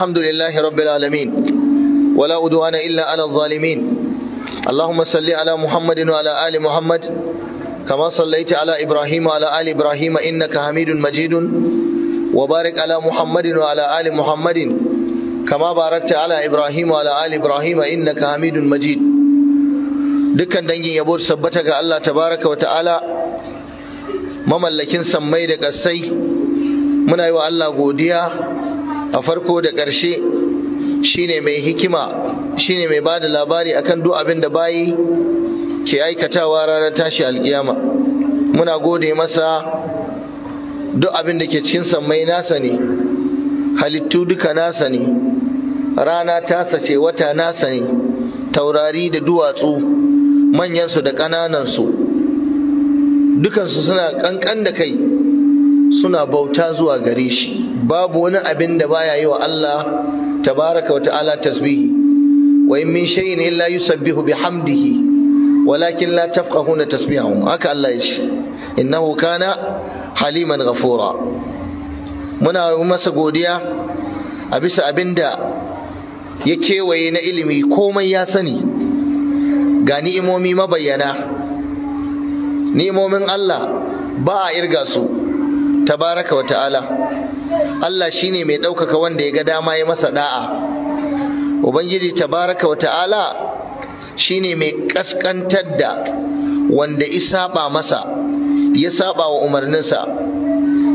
الحمد لله رب العالمين ولا أدوان إلا على الظالمين اللهم صل على محمد وعلى آل محمد كما صليت على إبراهيم وعلى آل إبراهيم إنك حميد مجيد وبارك على محمد وعلى آل محمد كما باركت على إبراهيم وعلى آل إبراهيم إنك حميد مجيد dukkan dangin yabo sabbata ga Allah tabaraka wa ta'ala mamallakin sammai da ƙasai muna yi wa Allah godiya a farko da ƙarshe shine mai hikima shine mai bada labari akan duk abin da bayi ke aikatawa ranar tashi alkiyama muna gode masa duk abin da ke cikin sammai nasa ne halittu duka nasa ne rana tasa ce wata nasa ne taurari da duwatsu manyansu da ƙananansu dukansu suna ƙanƙan da kai suna bauta zuwa gare shi babu wani abin da baya yi wa Allah tabaraka wa ta'ala tasbihi wa in min shay'in illa yusabbihu bihamdihi walakin la tafqahuna tasbihahum haka Allah ya ce innahu kana haliman ghafura muna masa godiya a bisa abinda ya kewaye na ilimi komai ya sani ga ni'imomi mabayyana ni'imomin Allah ba a irga su tabaraka wa ta'ala Allah shi ne mai ɗaukaka wanda ya ga dama ya masa da'a ubangiji tabaraka wa ta'ala shi ne mai ƙasƙantar da wanda isaba masa ya saɓa wa umarninsa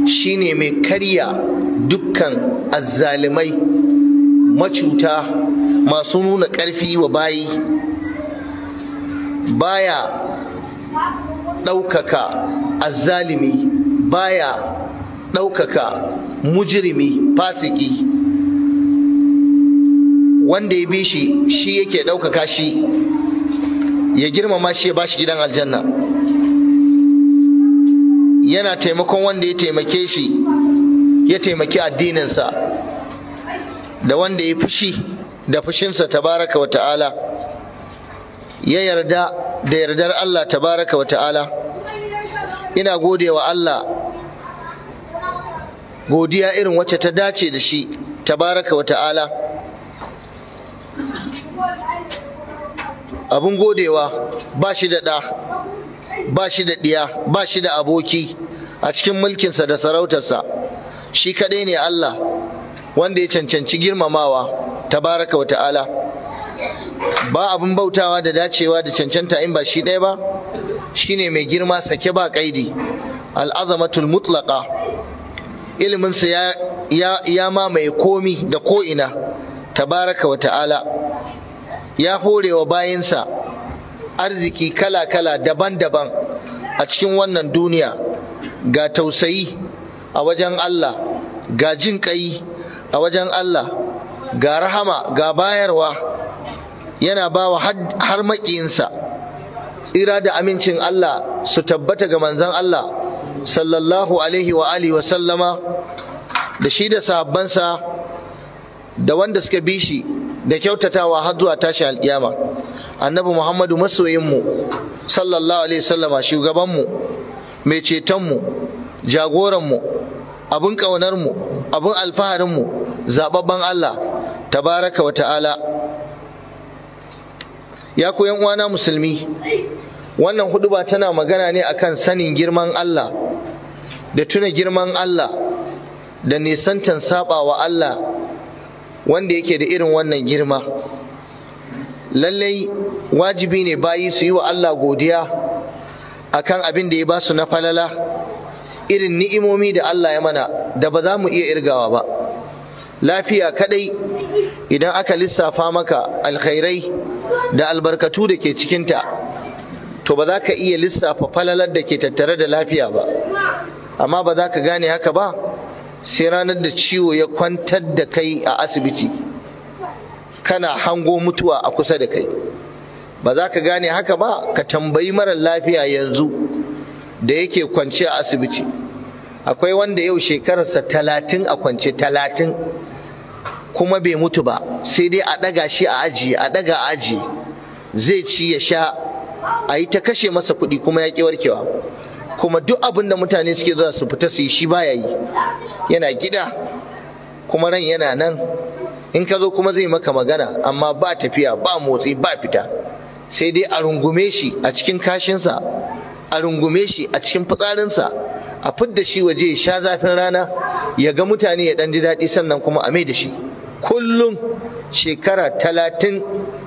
Shi ne mai karya dukkan azzalimai macuta masu nuna ƙarfi wa bayi baya ɗaukaka azzalimi baya ɗaukaka mujirimi fasiki wanda ya bi shi shi yake ɗaukaka shi ya girmama shi ya bashi gidan aljanna yana taimakon wanda ya taimake shi ya taimaki addininsa da wanda ya fushi da fushinsa tabaraka wa ta'ala ya yarda da yardar Allah tabaraka wa ta'ala ina gode wa Allah godiya irin wacce ta dace da shi tabaraka wa ta'ala abun godewa ba shi da ɗa ba shi da ɗiya ba shi da aboki a cikin mulkinsa da sarautarsa shi kaɗai ne Allah wanda ya cancanci girmamawa tabaraka wa ta'ala ba abin bautawa da dacewa da cancanta in ba shi ɗaya ba Shi ne mai girma sake ba ƙaidi al'azamatul mutlaƙa. iliminsa ya, ya, ya mamaye komi da ko'ina tabaraka wa ta'ala ya horewa bayansa arziki kala-kala daban-daban a cikin wannan duniya ga tausayi a wajen Allah ga jin ƙai a wajen Allah ga rahama ga bayarwa yana bawa har maƙiyinsa tsira da amincin Allah su tabbata ga manzan Allah sallallahu alaihi wa alihi wa sallama da shi da sahabbansa da wanda suka bi shi da kyautatawa har zuwa tashi alkiyama annabi muhammadu masoyinmu sallallahu alaihi sallama shugabanmu mai cetonmu jagoranmu abin ƙaunarmu abin alfaharinmu zababban allah tabaraka wa ta'ala ya koyan uwana musulmi wannan huduba tana magana ne akan sanin girman allah da tuna girman Allah da nisantan saba wa Allah wanda yake da irin wannan girma lallai wajibi ne bayi su yi wa Allah godiya a kan abin da ya ba su na falala irin ni'imomi da Allah ya mana da ba za mu iya irgawa ba lafiya kadai idan aka lissafa maka alkhairai da albarkatu da ke cikinta to ba za ka iya lissafa falalar da ke tattare da lafiya ba amma ba za ka gane haka ba sai ranar da ciwo ya kwantar da kai a asibiti kana hango mutuwa a kusa da kai ba za ka gane haka ba ka tambayi marar lafiya yanzu da yake kwance a asibiti akwai wanda yau shekararsa talatin a kwance talatin kuma bai mutu ba sai dai a ɗaga shi a aji a ɗaga aji zai ci ya sha a yi ta kashe masa kuɗi kuma ya ƙi warkewa kuma duk abin da mutane suke zuwa su fita su yi shi baya yi yana gida kuma ran yana nan in ka zo kuma zai maka magana amma ba tafiya ba motsi ba fita sai dai a rungume shi a cikin kashinsa a rungume shi a cikin fitsarinsa a fidda shi waje ya sha zafin rana ya ga mutane ya ɗan ji daɗi sannan kuma a mai da shi kullum shekara talatin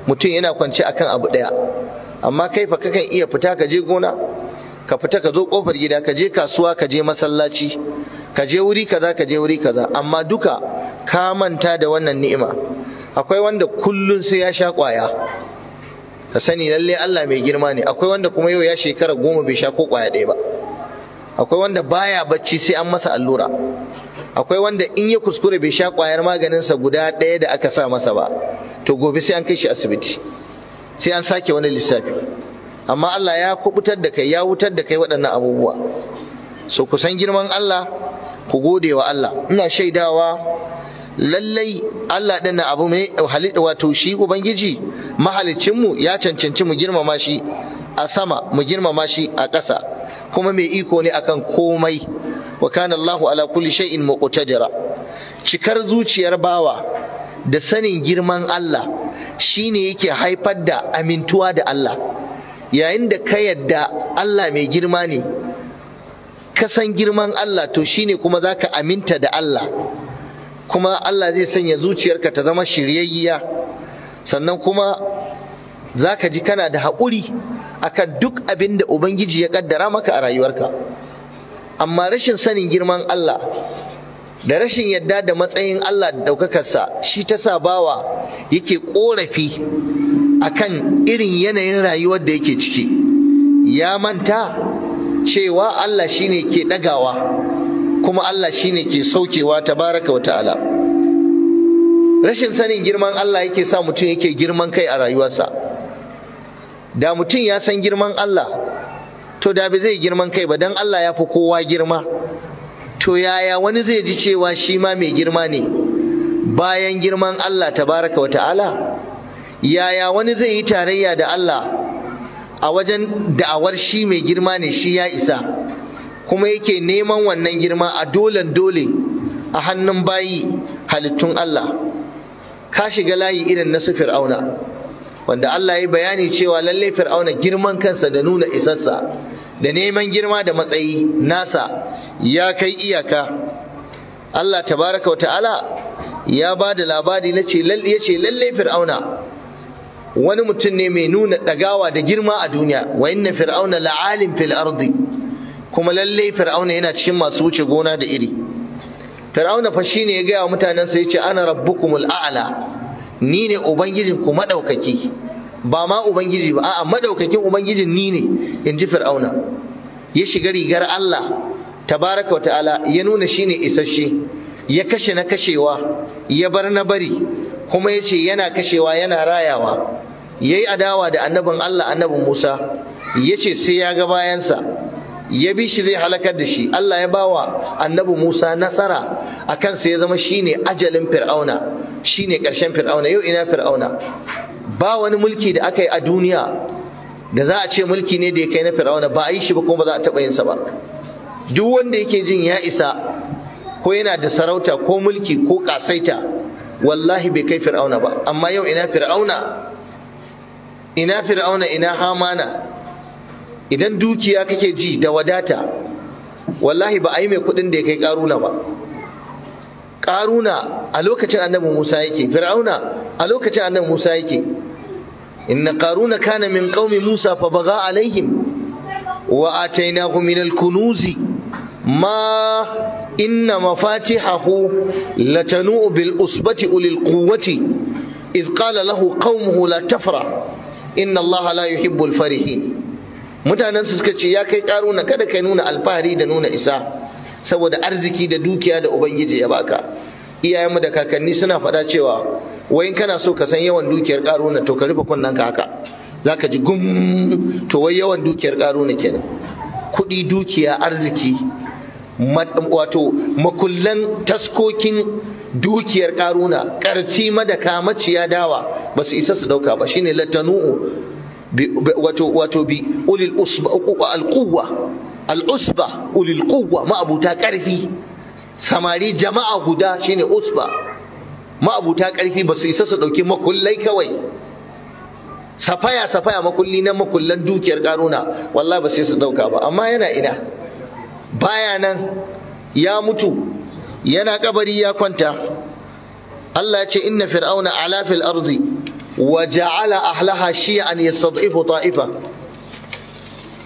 mutum yana kwance akan abu ɗaya amma kai fa kakan iya fita ka je gona ka fita ka zo kofar gida ka je kasuwa ka je masallaci ka je wuri kaza ka je wuri kaza amma duka ka manta da wannan ni'ima akwai wanda kullun sai ya sha kwaya ka sani lalle Allah mai girma ne akwai wanda kuma yau ya shekara goma bai sha ko kwaya ɗaya ba akwai wanda baya bacci sai an masa allura akwai wanda in ya kuskure bai sha kwayar maganinsa guda ɗaya da aka sa masa ba to gobe sai an kai shi asibiti sai an sake wani lissafi amma Allah ya kubutar da kai ya wutar da kai waɗannan abubuwa so ku san girman Allah ku gode wa Allah ina shaidawa lallai Allah ɗin na abu mai halitta wato shi ubangiji mahalicinmu ya cancanci mu girmama shi a sama mu girmama shi a ƙasa kuma mai iko ne akan komai wa kana Allahu ala kulli shay'in muqtadira cikar zuciyar bawa da sanin girman Allah shine yake haifar da amintuwa da Allah yayin da ka yadda Allah mai girma ne ka san girman Allah to shine kuma za ka aminta da Allah kuma Allah zai sanya zuciyarka ta zama shiryayya sannan kuma za ka ji kana da haƙuri akan duk abin da Ubangiji ya ƙaddara maka a rayuwarka amma rashin sanin girman Allah da rashin yadda da matsayin Allah da ɗaukakarsa shi ta sa bawa yake ƙorafi akan irin yanayin rayuwar da yake ciki ya manta cewa Allah shine ke ɗagawa kuma Allah shine ke saukewa tabaraka wa ta'ala rashin sanin girman Allah yake sa mutum yake girman kai a rayuwarsa da mutum ya san girman Allah to da bai zai girman kai ba don Allah ya fi kowa girma to yaya wani zai ji cewa shi ma mai girma ne bayan girman Allah tabaraka wa ta'ala yaya wani zai yi tarayya da Allah a wajen da'awar shi mai girma ne shi ya isa kuma yake neman wannan girma a dolen dole a hannun bayi halittun Allah ka shiga layi irin na su fir'auna wanda Allah ya bayani cewa lallai fir'auna girman kansa da nuna isarsa da neman girma da matsayi nasa ya kai iyaka Allah tabaraka wa ta'ala ya ba da labari na ce lallai fir'auna wani mutum ne mai nuna ɗagawa da girma a duniya wa inna fir'auna la'alin fil ardi kuma lallai fir'auna yana cikin masu wuce gona da iri fir'auna fa shi ne ya gaya wa mutanensa ya ce ana rabbukumul a'la ni ne ubangijinku maɗaukaki ba ma ubangiji ba a'a madaukakin ubangijin ni ne in ji fir'auna ya shiga rigar Allah tabaraka wa ta'ala ya nuna shine isasshe ya kashe na kashewa ya bar na bari kuma ya ce yana kashewa yana rayawa ya yi adawa da annabin Allah annabin Musa ya ce sai ya ga bayansa ya bi shi zai halakar da shi Allah ya bawa annabi Musa nasara a kansa ya zama shine ajalin fir'auna shine ƙarshen fir'auna yau ina fir'auna ba wani mulki da aka yi a duniya da za a ce mulki ne da ya kai na fir'auna ba a yi shi ba kuma ba za a taɓa yinsa ba duk wanda yake jin ya isa ko yana da sarauta ko mulki ko kasaita wallahi bai kai fir'auna ba amma yau ina fir'auna ina fir'auna ina hamana idan dukiya kake ji da wadata wallahi ba a yi mai kuɗin da ya kai ƙaruna ba Karuna a lokacin annabi musa yake fir'auna a lokacin annabi musa yake inna karuna kana min qaumi musa fa baga alaihim wa atainahu min al-kunuzi ma inna mafatihahu latanu bil usbati ulil quwwati iz qala lahu qaumuhu la tafra inna allaha la yuhibbul farihin mutanen su suka ce ya kai ƙaruna kada kai nuna alfahari da nuna isa saboda arziki da dukiya da ubangiji ya baka iyayenmu da kakanni suna faɗa cewa wai kana so ka san yawan dukiyar karuna to ka rufe kunnen ka haka zaka ji gum to wai yawan dukiyar karuna kenan kuɗi dukiya arziki wato makullan taskokin dukiyar karuna karci madaka maciya dawa ba su isa su dauka ba shine latanu'u wato wato bi ulil usba alquwa al'usba ulil quwwa ma'abuta ƙarfi samari jama'a guda shine usba ma'abuta ƙarfi ba su isa su ɗauki makullai kawai safaya safaya makulli na makullan dukiyar ƙaruna wallahi ba sai su ɗauka ba amma yana ina baya nan ya mutu yana kabari ya kwanta Allah ya ce inna fir'auna ala fil ardi wa ja'ala ahlaha shi'an yastad'ifu ta'ifa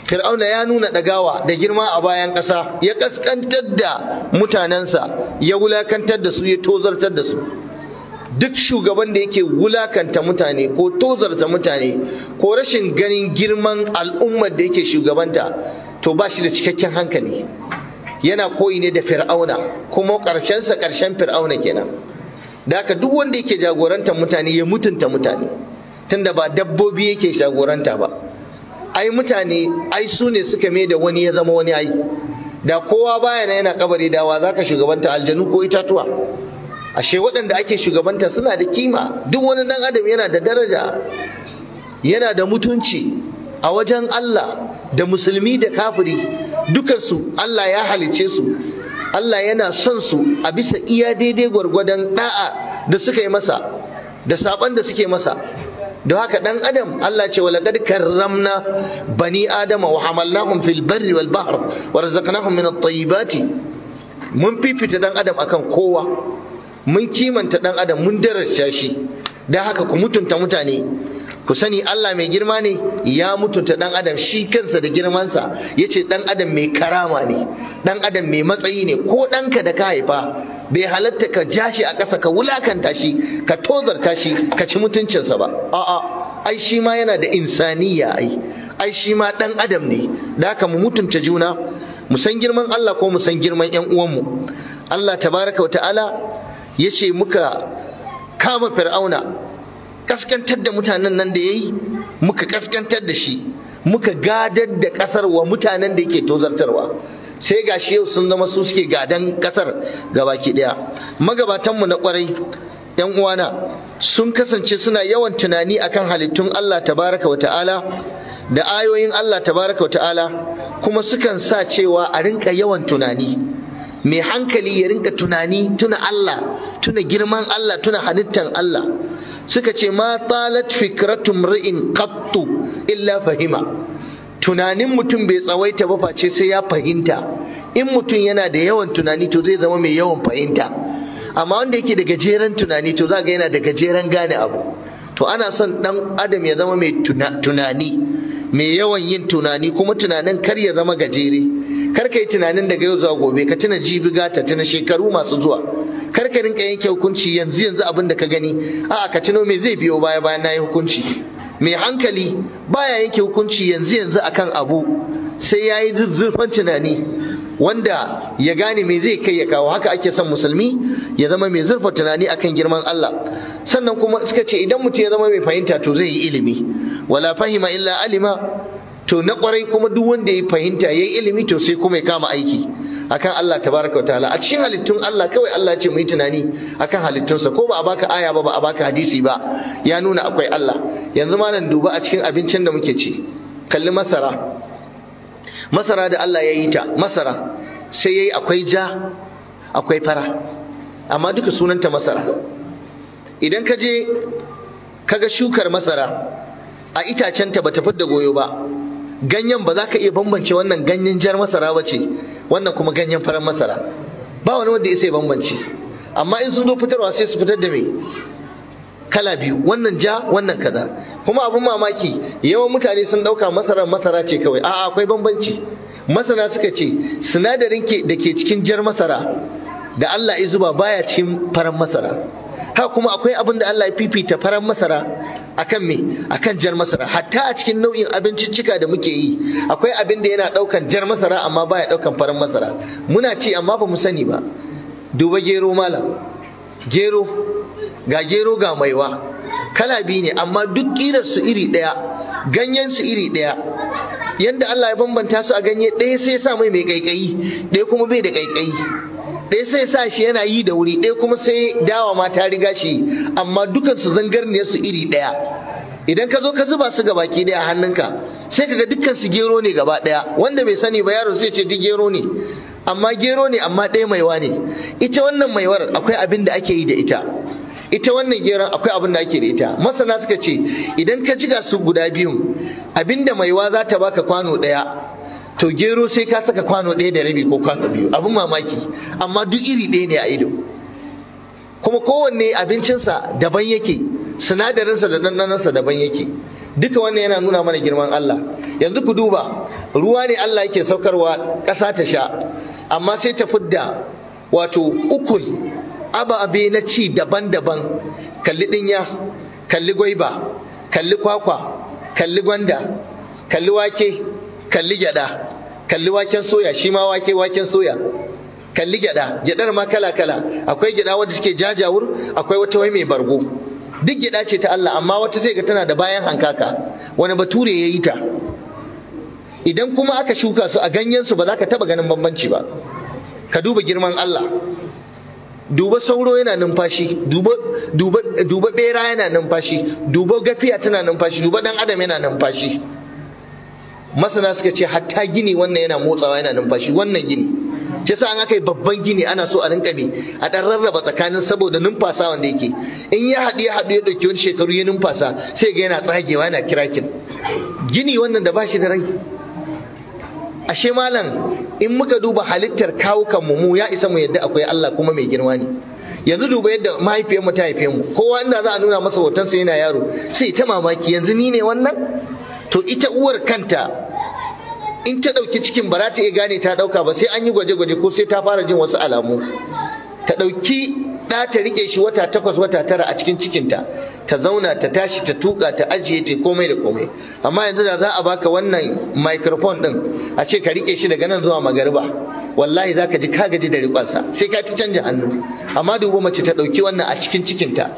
fir'auna ya nuna ɗagawa da girma a bayan ƙasa ya ƙasƙantar da mutanensa ya wulakantar da su ya tozartar da su duk shugaban da yake wulakanta mutane ko tozarta mutane ko rashin ganin girman al'ummar da yake shugabanta to ba shi da cikakken hankali yana koyi ne da fir'auna kuma ƙarshensa ƙarshen fir'auna kenan da haka duk wanda yake jagorantar mutane ya mutunta mutane tunda ba dabbobi yake jagoranta ba ai mutane ai su ne suka mai da wani ya zama wani ai da kowa baya na yana kabari da wa zaka shugabanta aljanu ko itatuwa ashe waɗanda ake shugabanta suna da kima duk wani ɗan adam yana da daraja yana da mutunci a wajen Allah da musulmi da kafiri dukansu Allah ya halice su Allah yana son su a bisa iya daidai gwargwadon da'a da suka yi masa da saban da suke masa don haka dan adam Allah ce wa laqad karramna bani adama wa hamalnahum fil barri wal bahr wa razaqnahum min at mun fifita dan adam akan kowa mun kimanta dan adam mun daraja shi haka ku mutunta mutane ku sani Allah mai girma ne ya mutunta ɗan adam shi kansa da girmansa Ya ce ɗan adam mai karama ne Ɗan adam mai matsayi ne ko ɗanka da ka haifa bai halatta ka ja shi a ƙasa ka wulakanta shi ka tozarta shi ka ci mutuncinsa ba a'a ai shi ma yana da insaniya ai ai shi ma dan adam ne da haka mu mutunta juna mu san girman Allah ko mu san girman ƴan uwanmu Allah tabaraka wa ta'ala ya ce muka kama fir'auna kaskantar da mutanen nan da ya yi, muka kaskantar da shi muka gadar da kasar wa mutanen da yake tozartarwa sai gashi yau sun zama su suke gadan kasar gabaki daya magabatanmu na kwarai yan uwana sun kasance suna yawan tunani akan halittun Allah tabaraka wata'ala da ayoyin Allah tabaraka wata'ala kuma sukan sa cewa a rinka yawan tunani mai hankali ya rinka tunani tuna Allah tuna girman Allah tuna halittan Allah suka ce ma talat fikratu mri'in qattu illa fahima tunanin mutum bai tsawaita ba face sai ya fahimta in mutum yana da yawan tunani to zai zama mai yawan fahimta amma wanda yake da gajeren tunani to za ga yana da gajeren gane abu to ana son dan adam ya zama mai tunani mai yawan yin tunani kuma tunanin kar ya zama gajere kar ka yi tunanin daga yau zuwa gobe ka tuna jibi gata tuna shekaru masu zuwa kar ka rinka yanke hukunci yanzu yanzu abin da ka gani a'a ka tuno me zai biyo baya bayan na yi hukunci mai hankali baya yanke hukunci yanzu yanzu akan abu sai ya yi zuzzurfan tunani wanda ya gane me zai kai ya kawo haka ake son musulmi ya zama mai zurfa tunani akan girman Allah sannan kuma suka ce idan mutum ya zama mai fahimta to zai yi ilimi wala fahima illa alima to na kwarai kuma duk wanda ya fahimta yayi ilimi to sai kuma ya kama aiki akan Allah tabaraka ta'ala a cikin halittun Allah kawai Allah ce mu yi tunani akan halittunsa ko ba a baka aya ba ba a baka hadisi ba ya nuna akwai Allah yanzu malam duba a cikin abincin da muke ci kalli masara masara da Allah ya yi ta masara sai yayi akwai ja akwai fara amma duka sunanta masara idan ka je kaga shukar masara a itacenta ba ta fidda goyo ba ganyen ba za ka iya bambance wannan ganyen jar masara ba ce wannan kuma ganyen farar masara ba wani wanda ya bambance amma in sun zo fitarwa sai su fitar da me kala biyu wannan ja wannan kaza kuma abin mamaki yawan mutane sun dauka masara masara ce kawai a'a akwai bambanci masana suka ce sinadarin da ke cikin jar masara da Allah ya zuba baya cikin farar masara ha kuma akwai abin da Allah ya fifita faran masara akan me akan jar masara hatta a cikin nau'in abinciccika da muke yi akwai abin da yana daukan jar masara amma baya daukan faran masara muna ci amma ba mu sani ba duba gero malam gero ga gero ga maiwa kala biyu ne amma duk kirar su iri daya ganyen su iri daya yanda Allah ya bambanta su a ganye ɗaya sai ya sa mai mai kaikayi ɗaya kuma bai da kaikayi ɗaya sai sa shi yana yi da wuri ɗaya kuma sai dawa ma ta riga shi amma dukansu zangarniyar su iri ɗaya idan ka zo ka zuba su gaba ki ɗaya hannunka sai kaga dukkan su gero ne gaba ɗaya wanda bai sani ba yaro sai ce duk gero ne amma gero ne amma ɗaya maiwa ne ita wannan maiwar akwai abin da ake yi da ita ita wannan geron akwai abin da ake da ita masana suka ce idan ka jiga su guda biyun abin da maiwa za ta baka kwano ɗaya to gero sai ka saka kwano ɗaya da rabi ko kwano biyu abin mamaki amma duk iri ɗaya ne a ido kuma kowanne abincinsa daban yake sinadarinsa da ɗanɗanansa daban yake duka wannan yana nuna mana girman Allah yanzu ku duba ruwa ne Allah yake saukarwa ƙasa ta sha amma sai ta fidda wato ukul ababe na ci daban-daban kalli ɗinya kalli gwaiba kalli kwakwa kalli gwanda kalli wake kalli gyada kalli waken soya shi ma wake waken soya kalli gyada gyadar ma kala kala akwai gyada wadda suke jajawur akwai wata wai mai bargo duk gyada ce ta Allah amma wata zai ga tana da bayan hankaka wani bature ya yi ta idan kuma aka shuka su a ganyen su ba za ka taba ganin bambanci ba ka duba girman Allah duba sauro yana numfashi duba duba duba bera yana numfashi duba gafiya tana numfashi duba dan adam yana numfashi masana suka ce hatta gini wannan yana motsawa yana numfashi wannan gini shi yasa an aka yi babban gini ana so a rinka me a dan rarraba tsakanin saboda numfasa wanda yake in ya haɗu ya haɗu ya ɗauki wani shekaru ya numfasa sai ga yana tsagewa yana kirakin gini wannan da bashi da rai ashe malam in muka duba halittar kawukan mu mu ya isa mu yadda akwai Allah kuma mai girma ne yanzu duba yadda mahaifiyar mu ta haife mu kowa inda za a nuna masa hoton sa yana yaro sai ta mamaki yanzu ni ne wannan to ita uwar kanta in ta ɗauki cikin ba za ta iya gane ta ɗauka ba sai an yi gwaje-gwaje ko sai ta fara jin wasu alamu ta ɗauki ɗa ta rike shi wata takwas wata tara a cikin cikinta ta zauna ta tashi ta tuka ta ajiye ta komai da komai amma yanzu da za a baka wannan microphone ɗin a ce ka riƙe shi daga nan zuwa magariba wallahi za ka ji ka gaji da riƙonsa sai ka ci canja hannu amma dubu mace ta ɗauki wannan a cikin cikinta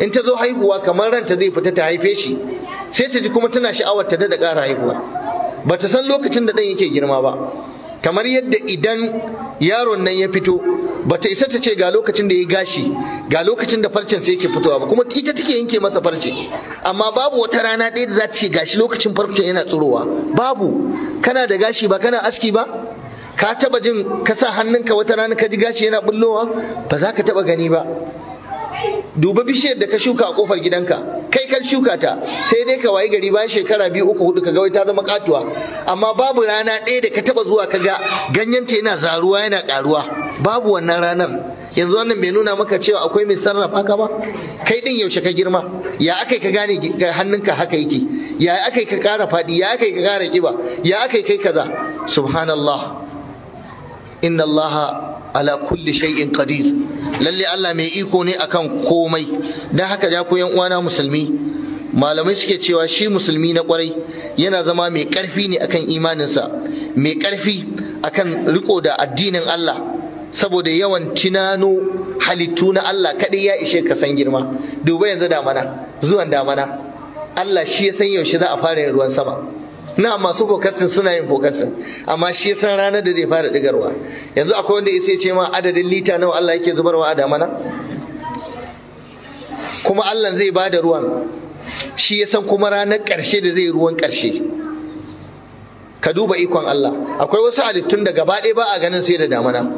in ta zo haihuwa kamar ranta zai fita ta haife shi sai ta ji kuma tana sha'awar ta da ƙara haihuwa ba ta san lokacin da ɗan yake girma ba kamar yadda idan yaron nan ya fito ba ta isa ta ce ga lokacin da ya gashi ga lokacin da farcen sai yake fitowa ba kuma ita take yanke masa farce amma babu wata rana ɗaya da za ta ce gashi lokacin farcen yana tsirowa babu kana da gashi ba kana aski ba ka taba jin ka sa hannunka wata rana ka ji gashi yana bullowa ba za ka taba gani ba duba bishiyar da ka shuka a kofar gidanka kai kan shuka ta sai dai ka wayi gari bayan shekara biyu uku hudu kaga wai ta zama katuwa amma babu rana ɗaya da ka taba zuwa kaga ganyen ta yana zaruwa yana karuwa babu wannan ranar yanzu wannan bai nuna maka cewa akwai mai sarrafa ka ba kai din yaushe ka girma ya akai ka gane hannunka haka yake ya akai ka kara fadi ya akai ka kara kiba ya akai kai kaza subhanallah inna allaha ala kulli shay'in qadir lalle Allah mai iko ne akan komai dan haka ja ku yan uwana musulmi malamai suke cewa shi musulmi na kwarai yana zama mai karfi ne akan imaninsa mai karfi akan riko da addinin Allah saboda yawan tunano halittu na Allah kadai ya ishe ka san girma duba yanzu damana zuwan damana Allah shi ya san yaushe za a fara yin ruwan sama na masu fokasin suna yin fokasin amma shi san ranar da zai fara digarwa yanzu akwai wanda ya ce ma adadin lita nawa Allah yake zubarwa a damana kuma Allah zai ba da ruwan shi ya san kuma ranar ƙarshe da zai ruwan ƙarshe ka duba ikon Allah akwai wasu halittun da gaba ɗaya ba a ganin sai da damana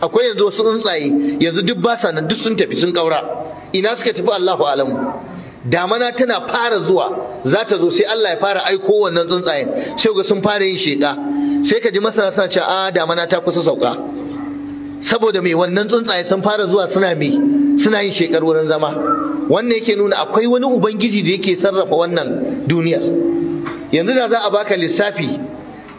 akwai yanzu wasu tsuntsaye yanzu duk ba nan duk sun tafi sun kaura. ina suka tafi Allahu alamu damana tana fara zuwa za ta zo sai Allah ya fara aiko wannan tsuntsayen sai ga sun fara yin sheka sai ka ji masana suna cewa a ah, damana ta kusa sauka saboda me wannan tsuntsaye sun fara zuwa suna me suna yin shekar wurin zama wannan yake nuna akwai wani ubangiji da yake sarrafa wannan duniya yanzu da za a baka lissafi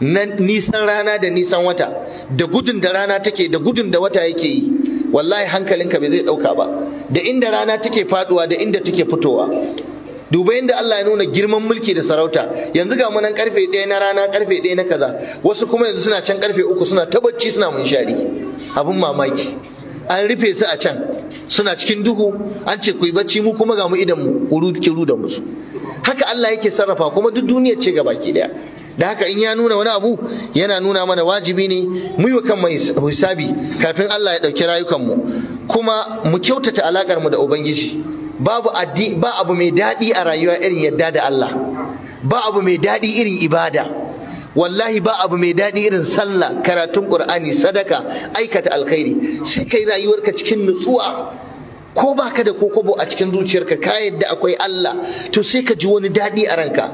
na nisan rana da nisan wata da gudun da rana take da gudun da wata yake yi wallahi hankalinka bai zai ɗauka ba da inda rana take faduwa da inda take fitowa duba inda Allah ya nuna girman mulki da sarauta yanzu ga munan karfe ɗaya na rana karfe ɗaya na kaza wasu kuma yanzu suna can karfe uku suna tabacci suna munshari abin mamaki an rufe su a can suna cikin duhu an ce ku yi bacci mu kuma ga mu idan mu da musu Allah yake sarrafa kuma duk duniya ce ga baki daya da haka in ya nuna wani abu yana nuna mana wajibi ne mu yi kan mai hisabi kafin Allah ya ɗauki rayukanmu kuma mu kyautata alakar mu da ubangiji babu addi ba abu mai daɗi a rayuwa irin yadda da Allah ba abu mai daɗi irin ibada wallahi ba abu mai daɗi irin sallah karatun qur'ani sadaka aikata alkhairi sai kai rayuwarka cikin nutsuwa ko ba ka da kokobo a cikin zuciyarka ka yadda akwai Allah to sai ka ji wani daɗi a ranka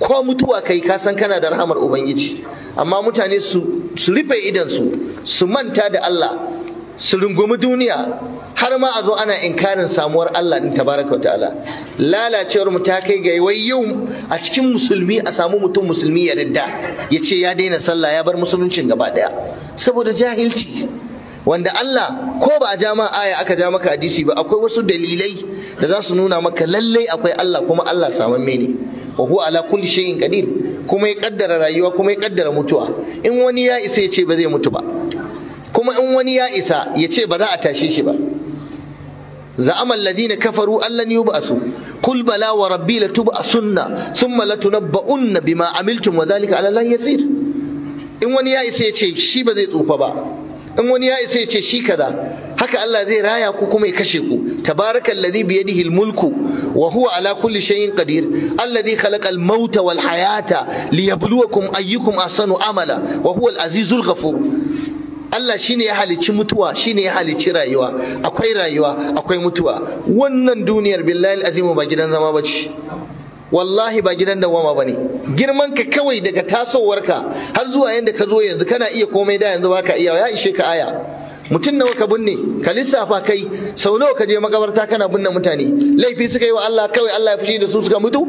ko mutuwa kai ka san kana da rahamar ubangiji amma mutane su su rufe idan su su manta da Allah su rungumi duniya har ma a zo ana inkarin samuwar Allah din tabaraka ta'ala lalacewar mu ta kai ga wai yau a cikin musulmi a samu mutum musulmi ya ridda ya ce ya daina sallah ya bar musuluncin gaba daya saboda jahilci wanda Allah ko ba a ja ma aya aka ja maka hadisi ba akwai wasu dalilai da za su nuna maka lallai akwai Allah kuma Allah saman ne wa huwa ala kulli shay'in qadir kuma ya kaddara rayuwa kuma ya kaddara mutuwa in wani ya isa ya ce ba zai mutu ba kuma in wani ya isa ya ce ba za a tashe shi ba زعم الذين كفروا أن لن يبأسوا قل بلى وربي لتبأسن ثم لتنبؤن بما عملتم وذلك على الله يسير in wani ya isa ya ce shi ba zai tsufa ba in wani ya isa ya ce shi kaza haka Allah zai raya ku kuma ya kashe ku tabarakal ladhi bi yadihi mulku wa huwa ala kulli shay'in qadir alladhi khalaqal mauta wal hayata liyabluwakum ayyukum ahsanu amala wa huwa al azizul ghafur Allah shine ya halicci mutuwa shine ya halicci rayuwa akwai rayuwa akwai mutuwa wannan duniyar billahi al azimu ba gidan zama bace wallahi ba gidan dawama bane girman ka kawai daga tasowarka har zuwa yanda ka zo yanzu kana iya komai da yanzu baka iya ya ishe ka aya mutum nawa ka binne ka lissafa kai sau nawa ka je makabarta kana binne mutane laifi suka yi wa Allah kawai Allah ya fushi da su suka mutu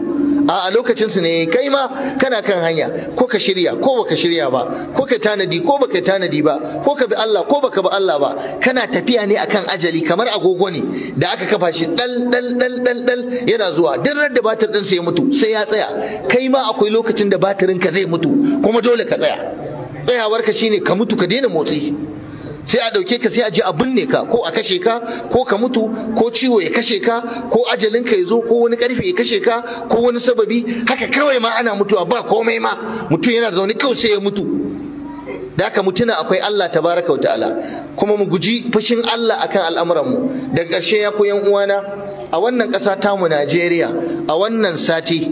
a lokacin su ne kai ma kana kan hanya ko ka shirya ko baka shirya ba ko ka tanadi ko baka tanadi ba ko ka bi Allah ko baka bi Allah ba kana tafiya ne akan ajali kamar agogo ne da aka kafa shi dal dal dal dal dal yana zuwa duk da batir din sai ya mutu sai ya tsaya kai ma akwai lokacin da batirin ka zai mutu kuma dole ka tsaya tsayawar ka shine ka mutu ka daina motsi sai a ɗauke ka sai a ji a ne ka ko a kashe ka ko ka mutu ko ciwo ya kashe ka ko ajalin ka ya zo ko wani karfe ya kashe ka ko wani sababi haka kawai ma ana mutuwa ba komai ma mutum yana zaune kawai sai ya mutu da haka mutuna akwai Allah tabaraka wa ta'ala kuma mu guji fushin Allah akan al'amuran mu daga ƙarshe ya ku yan uwana a wannan ƙasa tamu Najeriya a wannan sati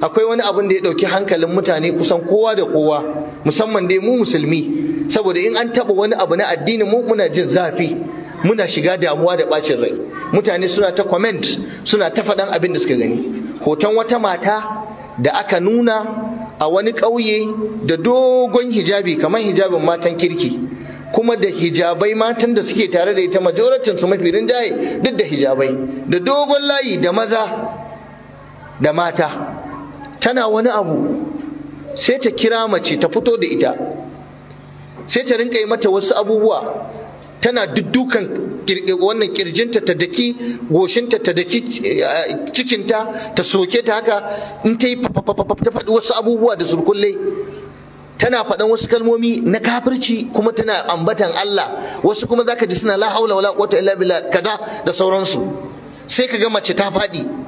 akwai wani abin da ya ɗauki hankalin mutane kusan kowa da kowa musamman dai mu musulmi saboda in an taɓa wani abu na addinin mu muna jin zafi muna shiga damuwa da bacin rai mutane suna ta comment suna ta faɗan abin da suka gani hoton wata mata da aka nuna a wani ƙauye da dogon hijabi kamar hijabin matan kirki kuma da hijabai matan da suke tare da ita majoratin su mafi rinjaye duk da hijabai da dogon layi da maza da mata tana wani abu sai ta kira mace ta fito da ita sai ta rinka yi mata wasu abubuwa tana duddukan wannan kirjinta ta daki goshinta ta daki eh, cikinta ta soke ta haka in ta yi ta faɗi wasu abubuwa da surkulle tana faɗan wasu kalmomi na kafirci kuma tana ambatan Allah wasu kuma zaka ji suna la haula wala quwwata illa billah kaza da sauransu sai ka ga mace ta faɗi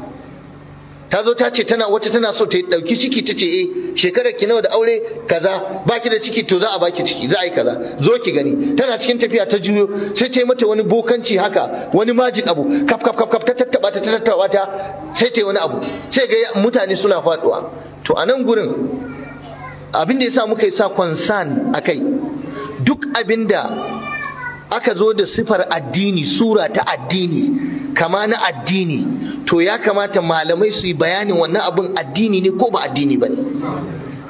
ta zo ta ce tana wata tana so ta yi ɗauki ciki ta ce eh shekarar ki nawa da aure kaza baki da ciki to za a baki ciki za a yi kaza zo ki gani tana cikin tafiya ta juyo sai ta yi mata wani bokanci haka wani majin abu kaf kaf kaf ta tattaba ta tattaba ta sai ta yi wani abu sai ga mutane suna faduwa to a nan gurin abin da yasa muka yi sa concern akai duk abin da aka zo da sifar addini sura ta addini kama na addini to ya kamata malamai su yi bayanin wannan abin addini ne ko ba addini ba ne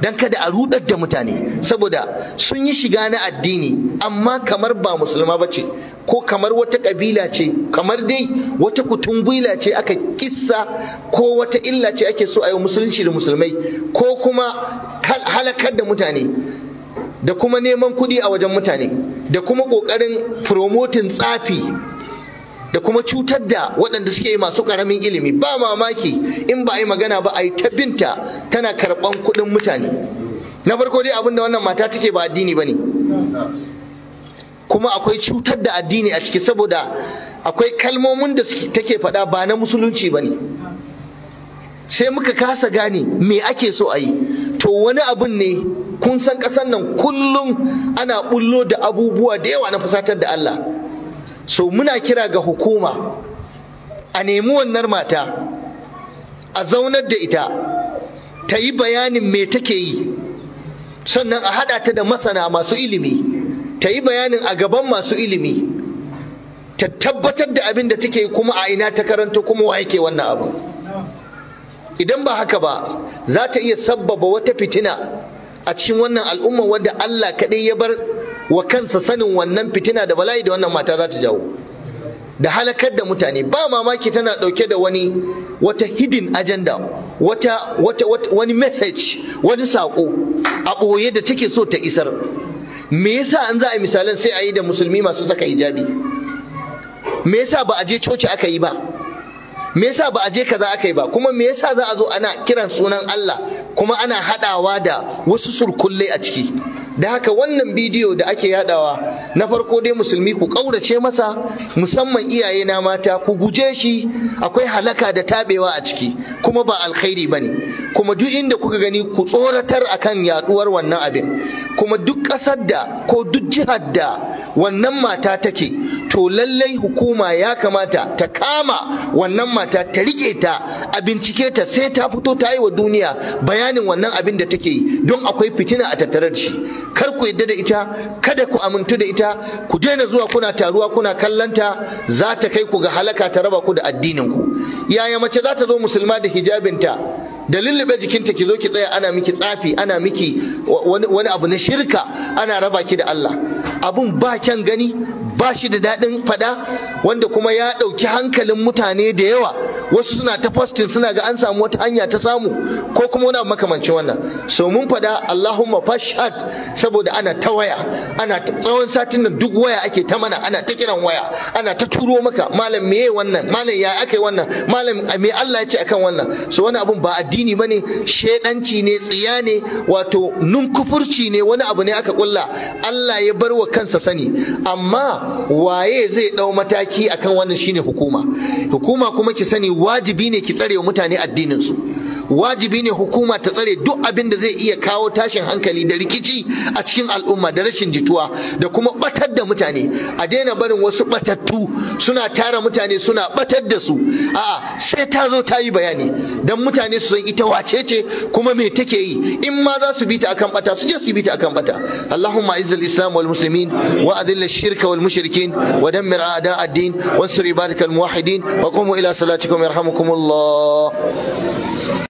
don kada a rudar da mutane saboda sun yi shiga na addini amma kamar ba musulma ba ce ko kamar wata kabila ce kamar dai wata kutungwila ce aka kissa ko wata illa ce ake so a yi musulunci da musulmai ko kuma halakar da mutane da kuma neman kuɗi a wajen mutane da kuma ƙoƙarin promotin tsafi da kuma cutar da waɗanda suke masu ƙaramin ilimi ba mamaki in ba a yi magana ba a yi ta binta tana karɓan kuɗin mutane na farko dai abinda wannan mata take ba addini ba ne kuma akwai cutar da addini a ciki saboda akwai kalmomin da take faɗa ba na musulunci ba ne sai muka kasa gane me ake so a yi to wani abin ne kun san ƙasar nan kullum ana bullo da abubuwa da yawa na fusatar da Allah so muna kira ga hukuma a nemi wannan mata a zaunar da ita ta yi bayanin me take yi sannan a haɗa ta da masana masu ilimi ta yi bayanin a gaban masu ilimi ta tabbatar da abin da take kuma a ina ta karanta kuma wa yake wannan abu. idan ba haka ba za ta iya sabbaba wata fitina a cikin wannan al'umma wadda Allah kaɗai ya bar wa kansa sanin wannan fitina da bala'i da wannan mata za ta jawo da halakar da mutane ba mamaki tana ɗauke da wani wata hidden agenda wata, wata, wani message wani saƙo a ɓoye da take so ta isar me yasa an za a yi misalan sai a yi da musulmi masu saka hijabi me yasa ba a je coci aka yi ba me yasa ba a je kaza aka yi ba kuma me yasa za a zo ana kiran sunan Allah kuma ana hadawa da wasu surkulle a ciki da haka wannan bidiyo da ake yadawa na farko dai musulmi ku ƙaurace masa musamman iyaye na mata ku guje shi akwai halaka da tabewa a ciki kuma ba alkhairi bane kuma duk inda kuka gani ku tsoratar akan yaduwar wannan abin kuma duk ƙasar da ko duk jihar da wannan mata take to lallai hukuma ya kamata ta kama wannan mata ta rike ta a bincike ta sai ta fito ta yi wa duniya bayanin wannan abin da take yi don akwai fitina a tattare da shi kar ku yadda da ita kada ku amintu da ita ku daina zuwa kuna taruwa kuna kallanta za ta kai ku ga halaka ta raba ku da addinin ku yaya mace za ta zo musulma da hijabinta da lullube jikinta ki zo ki tsaya ana miki tsafi ana miki wani abu na shirka ana raba ki da Allah abun ba kyan gani ba shi da daɗin faɗa wanda kuma ya ɗauki hankalin mutane da yawa wasu suna ta suna ga an samu wata hanya ta samu ko kuma wani abu makamancin wannan so mun faɗa Allahumma fashad saboda ana ta waya ana ta tsawon satin nan duk waya ake ta mana ana ta kiran waya ana ta turo maka malam meye wannan malam ya aka yi wannan malam me Allah ya ce akan wannan so wani abun ba addini bane shedanci ne tsiya ne wato nunkufurci ne wani abu ne aka kulla Allah ya bar wa kansa sani amma waye zai dau mataki akan wannan shine hukuma hukuma kuma ki sani wajibi ne ki tsare mutane addinin su wajibi ne hukuma ta tsare duk abin da zai iya kawo tashin hankali da rikici a cikin al'umma da rashin jituwa da kuma batar da mutane a daina barin wasu batattu suna tara mutane suna batar da su a'a sai ta zo ta yi bayani dan mutane su san ita wace ce kuma me take yi in ma za su bi ta akan bata su je su bi ta akan bata Allahumma izzil islam wal muslimin wa adhill shirka wal المشركين ودمر أعداء الدين وانصر عبادك الموحدين وقوموا إلى صلاتكم يرحمكم الله